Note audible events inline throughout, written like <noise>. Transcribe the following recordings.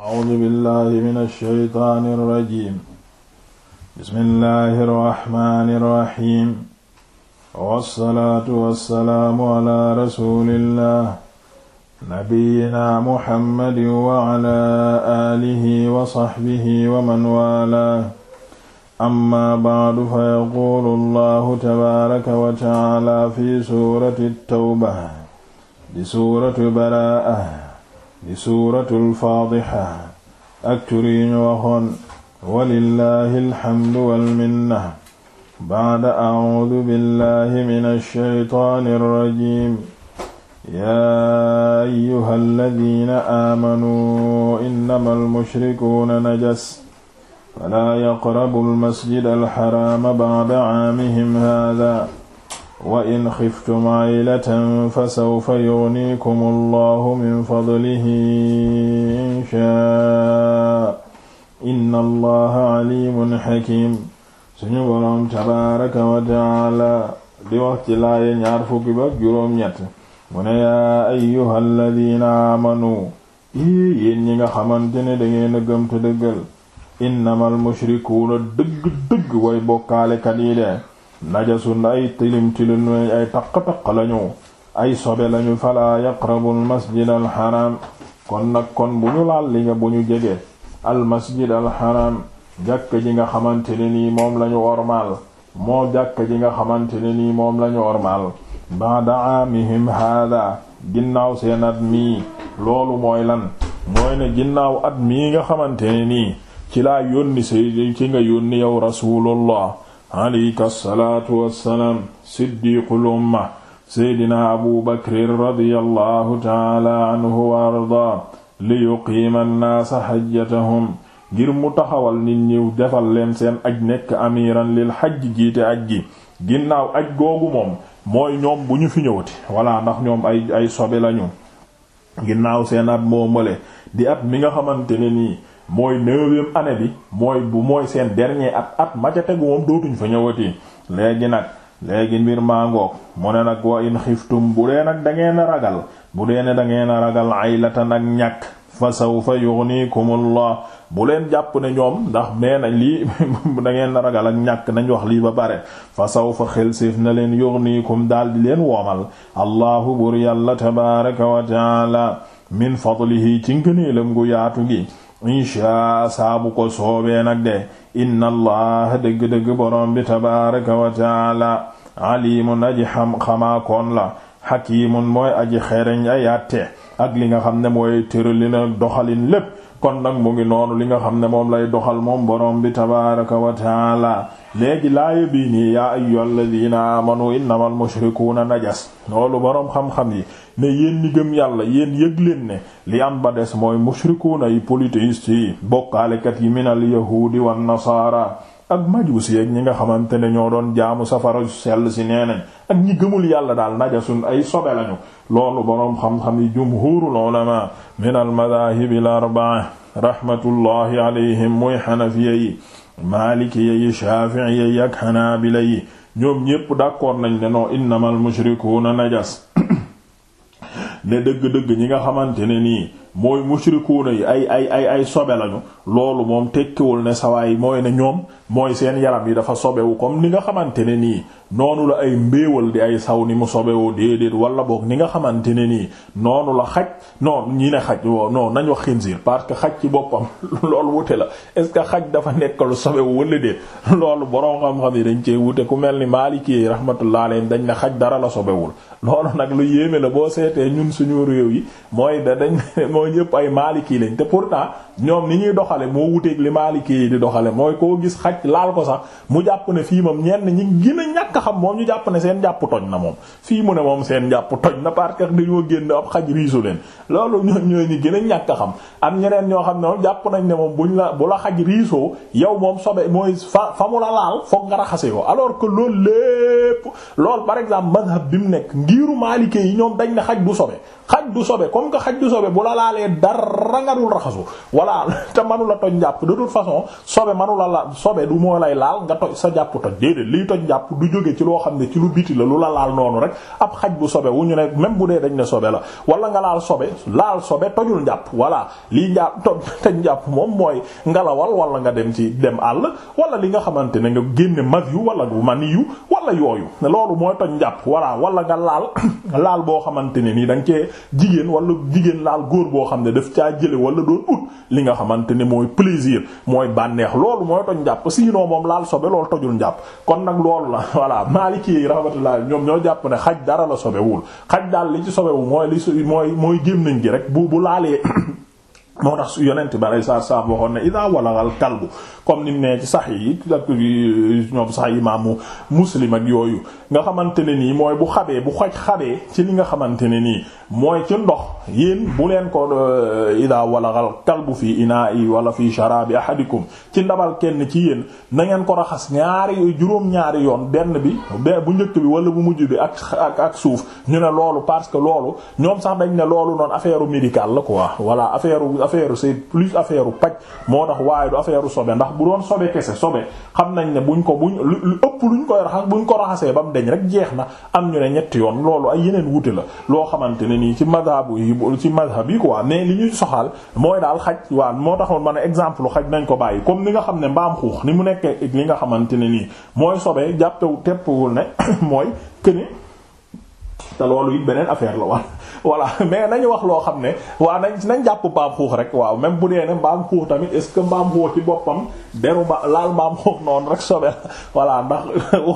A'uuzu billaahi mina shaytaani rajiim. Bismillaahi rahmaani rahiim. Wassalaatu wassalaamu alaa rasuulillaah. Nabiyyinaa Muhammadin wa alaa aalihi wa sahbihi wa man waalaah. Amma ba'du fa yaquulu Allaahu tabaaraka wa ta'aalaa fi suurati at-tawba, di suuratu baraa'ah. di suuratul faadiha ak tur yi ñu waxoon walillahi alhamdu walminna ba'da a'uudu billahi minash shaytaanir rajiim yaa ayyuhal ladiina aamanuu innamal mushrikuuna najas falaa yaqrabul masjidal haraama ba'da 'aamihim haadaa wa in xiftum aylatan fa sawfa yugnikum allahu min fadlihi inshaa inna allaha alimun xakim suñu boroom tabaaraka wa taala di wax ci laaye ñaar fukki juróom-ñett mu ne yaa ayyuha alladina ii yéen ñi nga xamante ne dangeen a gëm te dëggal innamal mushrikuuna dëgg-dëgg way bokkaalekat najasun ay tilim tilim ay taq-taq lañu ay sobe lañu fala yaqrabu almasjid alxaram kon nag kon bu ñu laal li nga bu ñu jege almasjid alxaram jàkk ji nga xamante ne nii moom lañu ormaal moo jàkk ji nga xamante ne nii moom lañu ormaal baada aamihim haada ginnaaw seen at mii loolu mooy lan mooy ne ginnaaw at mii nga xamante ne nii ci laa yónni say ci nga yónni yow rasulullah alayka salaatu wassalaam siddiqul umma seydina abu bakrin radiyallahu taala anhu wa ardaa li yuqiima annaasa xajjatahum ngir mu taxawal nit ñi defal leen seen aj nekk amiran lil xaj jiite aj gi ginnaaw aj googu moom mooy ñoom bu ñu fi ñëwati walla ndax ñoom ay ay sobe lañu ginnaaw seen at moo male di at mi nga xamante nii mooy neuvième année bi mooy bu mooy seen dernier at at ma ca tegu moom dootuñ fa ñëwati léegi nag léegi mbir maa ngoog mu ne nag wa in xiftum bu dee nag da ngeen a ragal bu dee ne da ngeen a ragal aylatan ak ñàkk fa sawfa yughnikumullah bu leen jàpp ne ñoom ndax nee na lii <laughs> da ragal ak ñàkk nañ wax lii ba bare fa saw sawfa xelséef na leen yughnikum daal di leen woomal allahu bur yàlla tabaraka wa taala min fadlihi ci ngëneelam gu yaatu gi insha saa bu ko soobee nag de inna allah dëgg-dëgg borom bi tabaraka wa taala alimun aji xam xamaakoon la hakimun mooy aji xereñ ay atte ak li nga xam ne mooy tëralin ak doxalin lépp kon nag mu ngi noonu li nga xam ne moom lay doxal moom boroom bi tabaraka wa taala léegi laaya bii nii yaa ayyuhalladhina amanu innamal mushrikuuna najas loolu boroom xam-xam yi ne yéen ñi gëm yàlla yéen yëg leen ne li am ba des mooy mushrikuuna yi polythéistes yi bokkaalekat yi minal yahuudi wan nasaara ak majuus yeeg ñi nga xamante ne ñoo doon jaamu safara sell si nee nañ ak ñi gëmul yàlla daal najasu ay sobe lañu loolu boroom xam-xam yi jumhurul ulama min al madahib al arba'a rahmatullahi alayhim muy xanafiya yi maalikiya yi shaafi'iya yi ak xanaabila yi ñoom ñépp d'accord nañ ne non innamal mushrikuuna najas <coughs> ne dëgg-dëgg ñi nga xamante ne nii mooy mushrikuuna yi ay ay ay ay sobe lañu loolu moom tekkiwul ne sawaay mooy ne ñoom mooy seen yaram yi dafa sobewu comme ni nga xamante ne nii noonu ay mbéewal ay saw ni mu sobewoo déedéet wala boog ni nga xamante ne nii noonu la xaj non ñi ne xaj wo non nañ wax xinsiir parce que xaj ci boppam <laughs> loolu wute la est ce que xaj dafa nekk sobewu wala loolu boroom xam yi dañ cee wute ku mel ni Maliki rahmatullah alayhi dañ ne xaj dara la sobewul loolu nag lu yéeme la boo seetee ñun suñu réew yi mooy da dañ <laughs> mooy ñëpp ay maaliki lañ te pourtant ñoom ni ñuy doxale moo wuteeg li maaliki yi di doxale mooy koo gis xaj laal ko sax mu jàpp ne fii moom ñenn ñi gën a ñàkk xam moom ñu jàpp seen jàpp toj na moom fii mu ne moom seen jàpp toj na parce que dañoo génn ab xaj riisu leen loolu ñoom ñooy ñi gën a ñàkk xam am ñeneen ñoo xam ne moom jàpp nañ ne moom buñ la bu la xaj riisoo yow moom sobe mooy fa fa mu la laal foog nga raxase ko alors que loolu lépp loolu par exemple mazhab bi mu nekk ngiiru maaliki yi ñoom dañ ne xaj du sobe du sobe comme que xaj du sobe bu la laalee dara nga dul raxasu voilà <laughs> te manu la toj njàpp de toute façon sobe manu la la sobe du moo lay laal nga toj sa jàpp toj déedéet toj njàpp du jóge ci loo xam ne ci lu biti la lu la laal noonu rek ab xaj bu sobe wu ñu ne même bu dee dañ ne sobe la wala nga laal sobe laal sobe tojul njàpp voilà lii njàpp toj <laughs> toj njàpp moom mooy ngalawal wala nga dem ci dem àll wala li nga xamante ne nga génne mag yu wala bu man yu wala yooyu loolu mooy toj njàpp walla wala nga laal <coughs> laal boo xamante ne nii da nga cee jigéen walla jigéen laal góor boo xam ne daf caa jële wala doon ut li nga xamante ne mooy plaisir mooy bànneex loolu mooy toj njàpp sinon moom laal sobe loolu tojul njàpp kon nag loolu la <laughs> voilà Maliki yi rahmatullah ñoom ñoo jàpp ne xaj dara la sobewul xaj daal li ci sobewu mooy li mooy mooy gémmiñ gi rek bu bu laalee <coughs> moo tax su yonent bi alei saatu salaam waxoon ne ida walagal kalbu comme ni mu nee ci sax yi ak ñoom sax imaamu muslim ak yooyu nga xamante ne nii mooy bu xabee bu xaj xabee ci li nga xamante ne nii mooy ci ndox yéen bu leen ko euh, ida walagal kalbu fii inaa i wala fii sharabi ahadikum ci ndabal kenn ci yéen na ngeen ko raxas ñaari juróom-ñaari yoon benn bi bu njëkk bi wala bu mujj bi ak ak ak suuf ñu ne loolu parce que loolu ñoom sax dañ ne loolu noonu affaire médicale affaire c'est plus affaire paj moo tax waaye du affaire sobe ndax bu doon sobe kese sobe xam nañ ne buñ ko buñ lu ëpp lu ñu koy raxas ñu ko raxasee ba mu deñ rek jeex na am ñu ne ñetti yoon loolu ay yeneen wute la loo xamante ne nii ci madhab yi ci madhab yi quoi mais li ñuy soxal mooy daal xaj waaw moo taxoon ma ne exemple xaj nañ ko bàyyi comme ni nga xam ne mbaam xuux ni mu nekkee li nga xamante ne nii mooy sobe jàppewu tepp teppwul ne <coughs> mooy këne te loolu it beneen affaire la waa voilà <laughs> mais nañu wax loo xam ne waaw nañ nañ jàpp mbaam xuux rek waaw même bu dee ne mbaam xuux tamit est ce que mbaam xuux ci boppam deru ma laal mbaam xuux noonu rek sobel <laughs> voilà ndax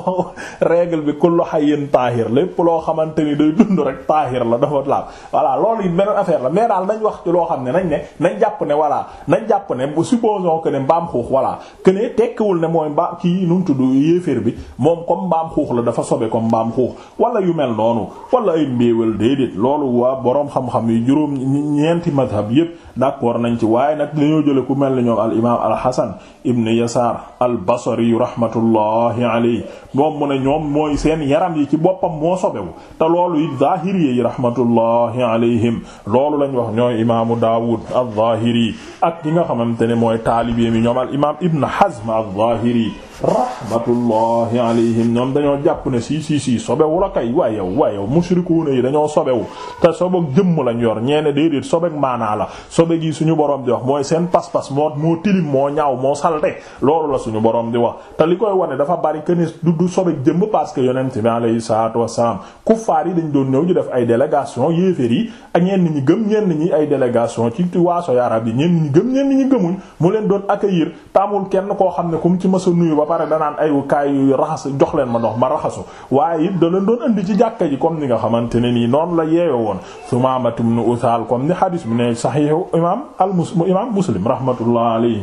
<laughs> règle bi kullu hayyin taahir lépp loo xamante ni day dund rek taahir la dafa laal voilà loolu it beneen la mais daal nañ wax ci loo xam ne nañ ne nañ jàpp ne voilà nañ jàpp ne supposons que ne mbaam xuux voilà que ne tekkiwul ne mooy mbaam kii nu mu tudd yéeféer bi moom comme mbaam xuux la dafa sobe comme mbaam xuux wala yu mel noonu wala ay mbéewal déedéet loolu waa boroom xam-xam yi juróom ñeenti madhab yépp d'accord nañ ci waaye nag dañoo jële ku mel ni ñoom al imaam al hasan ibn yasaar al basri rahmatullahi alayhi moom mu ne ñoom mooy seen yaram yi ci boppam moo sobewu te loolu it zahiri yi rahmatullahi alayhim loolu lañ wax ñooy imaamu daawud al zahiri ak ñi nga xamante ne mooy taalibe mi ñoom al imaam ibn hazm al zahiri rahmatullahi alayhim ñoom dañoo jàpp ne si si si sobewu la kay waaye yow waaye yow mushrikuuna yi dañoo sobewu te sobeg jëmm lañ yor ñeene déedéet sobeg maanaa la sobe gi suñu borom di wax mooy seen pas-pas moo moo tilim moo ñaaw moo salte loolu la suñu borom di wax te li koy wane dafa bari que ne du du sobeg jëmm parce que yonent bi alayhi salaatu wassalaam kuffaar yi dañ doon ñëw di def ay délégation yéeféer yi ak ñenn ñi gëm ñenn ñi ay délégation ci ñi gëm ñenn ñi gëmuñ mu leen doon accueillir taamul kenn koo xam ne comme ci mësa nuyu ba pare danaan ay kaay yuy raxas jox leen ma ndox ma raxasu waaye it da leen doon indi ci jàkka ji comme ni nga xamante ne nii noonu la yeewe woon Sumaamatum nu usaal comme ni hadis bi ne saxiixu imaam al mus imaam muslim rahmatullah alayhi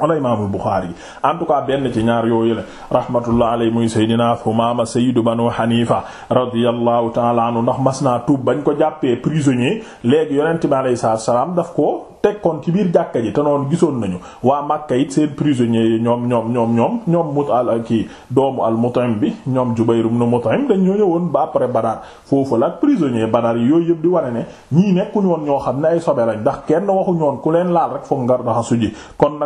wala imaamul Buxaari en tout cas benn ci ñaar yooyu la rahmatullah alay muy Seydina Thumaama sayyidu banu Hanifa radiyallahu ta'ala anhu ndax mas naa tuub bañ ko jàppee prisonnier léegi yonent bi alayhi salaam daf ko tekkoon ci biir jàkka ji te noonu gisoon nañu waa Makka it seen prisonniers yi ñoom ñoom ñoom ñoom ñoom mut al kii doomu al Mut'im bi ñoom Jubayr ibn Mut'im dañ ñoo ñëwoon ba après Badar foofu la prisonnier Badar yi yooyu yëpp di wane ne ñii nekkuñu woon ñoo xam ne ay sobe lañ ndax kenn waxuñu woon ku leen laal rek foog nga raxasu ji kon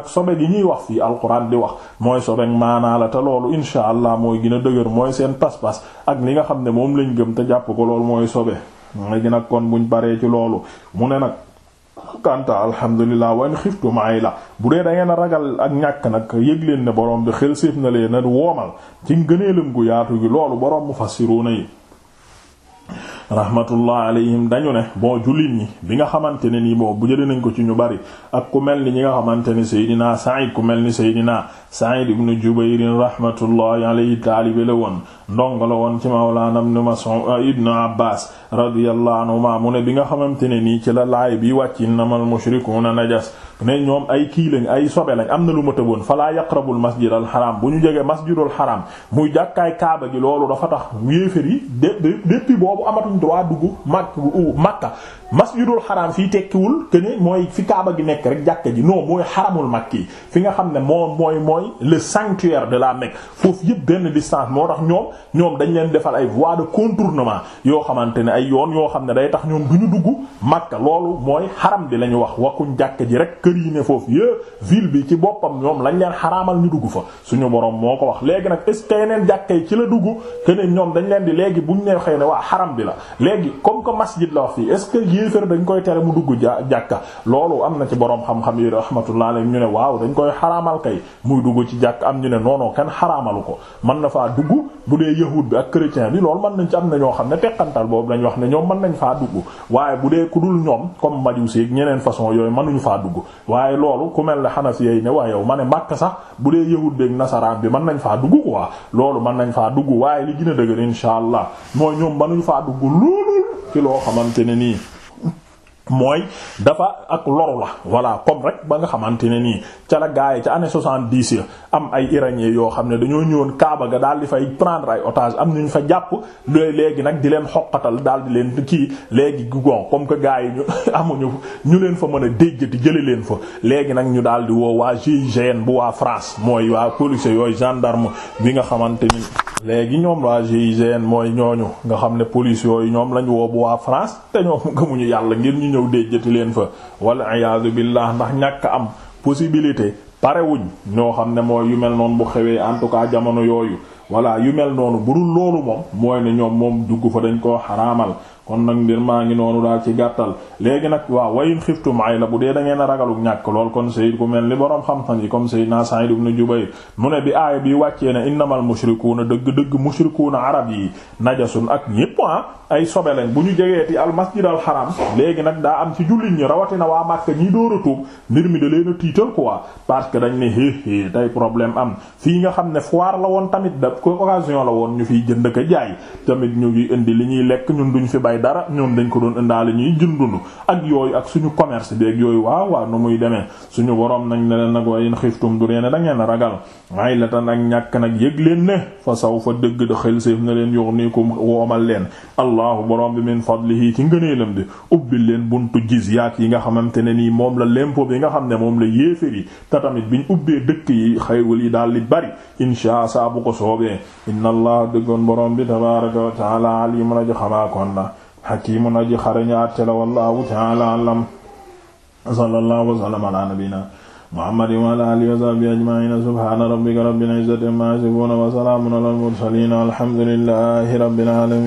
li ñuy wax fii alquran di wax mooy so rek maanaa loolu insha allah mooy gin a dëgër mooy seen pas-pas ak li nga xam ne moom lañ gëm te jàpp ko loolu mooy sobe léegi nag kon buñ baree ci loolu mu ne nag kanta alhamdulilah wan xiftum ay la bu dee da ngeen a ragal ak ñàkk nag yëg leen ne borom bi xel séef na leen a woomal ci ngëneelam gu yaatu gi loolu borom mufassiruna yi rahmatullah alayhim dañu ne bon jullit ñi bi nga xamante ne nii boobu bu jëlee nañ ko ci ñu bari ak ku mel ni ñi nga xamante ne Seydina Sa'id ku mel ni Seydina Sa'id ibn Jubayr rahmatullahi alayhi taalibe la woon ndongo la woon ci Mawlana ibn Mas'ud euh, ibn Abbas radiyallahu anhuma mu ne bi nga xamante ne nii ci la laay bi wàcc innamal mushrikuuna najas ne ñoom ay kii lañ ay sobe lañ am na lu ma tëboon falaa yaqrabul masjidal xaram bu ñu jegee masjidul xaram muy jàkkaay kaaba gi loolu dafa tax yéefér yi de depuis boobu amatuñ droit dugg màkk màkka masjidul xaram fii tekkiwul que ne mooy fi kaaba gi nekk rek jàkka ji non mooy xaramul makki fi nga xam ne moom mooy mooy le sanctuaire de la Mecque foofu yëpp benn distance moo tax ñoom ñoom dañ leen defal ay voies de contournement yoo xamante ne ay yoon yoo xam ne day tax ñoom du ñu dugg Makka loolu mooy xaram bi la ñu wax waxuñ jàkka ji rek kër yi ne foofu yëpp ville bi ci boppam ñoom lañ leen xaraamal ñu dugg fa suñu borom moo ko wax léegi nag est-ce que yeneen jàkka ci la dugg que ñoom dañ leen di léegi buñ ne xëy ne waa xaram bi la léegi comme que masjid la yéefér dañ koy tere mu dugg ja jàkka loolu am na ci boroom xam-xam yi rahmatullah alayhi ñu ne waaw dañ koy xaraamal kay muy dugg ci jàkk am ñu ne noonoo kenn xaraamalu ko mën na faa dugg bu dee yahud bi ak chrétien bi loolu mën nañ am na ñoo xam ne teqantal boobu lañ wax ne ñoom mën nañ faa dugg waaye bu dee ku dul ñoom comme majusi ñeneen façon yooyu mënuñu faa dugg waaye loolu ku mel ne ne waa yow ma ne Makka sax bu dee yahud bi ak bi mën nañ faa dugg quoi loolu man nañ faa dugg waaye li gën a dëgër insha allah mooy ñoom mënuñu faa dugg loolu ci loo xamante ne nii mooy dafa ak loru la voilà comme rek ba nga xamante ne nii ca la gaa yi ca année soixante-dix ya am ay iraniens yoo xam ne dañoo ñëwoon Kaaba ga daal di fay prendre ay otage am ñu fa jàpp léegi nag di leen xoqatal daal di leen kii léegi gon comme que gaa yi ñu <laughs> amuñu ñu leen fa mën a déjjati jële leen fa léegi nag ñu daal di woo waa GIGN bu waa France mooy waa police yooyu gendarme bi nga xamante ni léegi ñoom waa GIGN mooy ñooñu nga xam ne police yooyu ñoom lañ woobu waa France te ñoom <laughs> ñu yàlla ngir ñu ñëw déjjati leen fa wala ayasu billah ndax ñàkk am possibilité parewuñ ñoo xam ne mooy yu mel noonu bu xewee en tout cas jamono yooyu voilà yu mel noonu bu dul loolu moom mooy ne ñoom moom dugg fa dañ koo xaramal kon nag mbir maa ngi noonu daal ci gàttal léegi nag waaw wayin xiftum ay la bu dee da ngeen a ragaluk ñàkk lool kon sayid ku mel ni boroom xam-xam yi comme sayyidina Sa'id ibn ne dëgg-dëgg mushrikuuna arab yi najasun ak ñépp ah ay sobe bu ñu jegeeti al masjid al haram léegi nag daa am ci jullit ñi rawatina waa Makka ñiy door a tuub mbir mi da leen a tiital quoi parce que dañ ne héhé tey problème am fii nga xam ne foire la woon tamit da ko occasion la woon ñu fiy jënd ka jaay tamit ñu indi li ñuy lekk ñun duñ fi bay bay dara ñoom dañ ko doon indaale ñuy jëndunu ak yooyu ak suñu commerce bi ak yooyu waaw waaw nu muy demee suñu woroom nañ ne leen nag waaye xiftum du reene da ngeen ragal ay la tan ak ñàkk nag yëg leen ne fa saw fa dëgg da xel séef na leen yughnikum woomal leen allahu borom bi min fadlihi ci ngëneelam bi ubbil leen buntu jizyaat yi nga xamante ne nii moom la lempo bi nga xam ne moom la yéefér yi te tamit biñ ubbee dëkk yi xëywul yi daal li bari insha saa bu ko soobee inna allah dëggoon borom bi tabaraka wa taala alimun aji xamaa kon na xakiimun aji xarañu àtte la wallahu ta'ala a'lam sallallahu wa sallam ala nabiyyina muhammadin wa ala alihi wa sahbihi ajma'in subhana rabbika rabbil izzati amma yasifun wa salamun alal mursalin walhamdulillahi rabbil alamin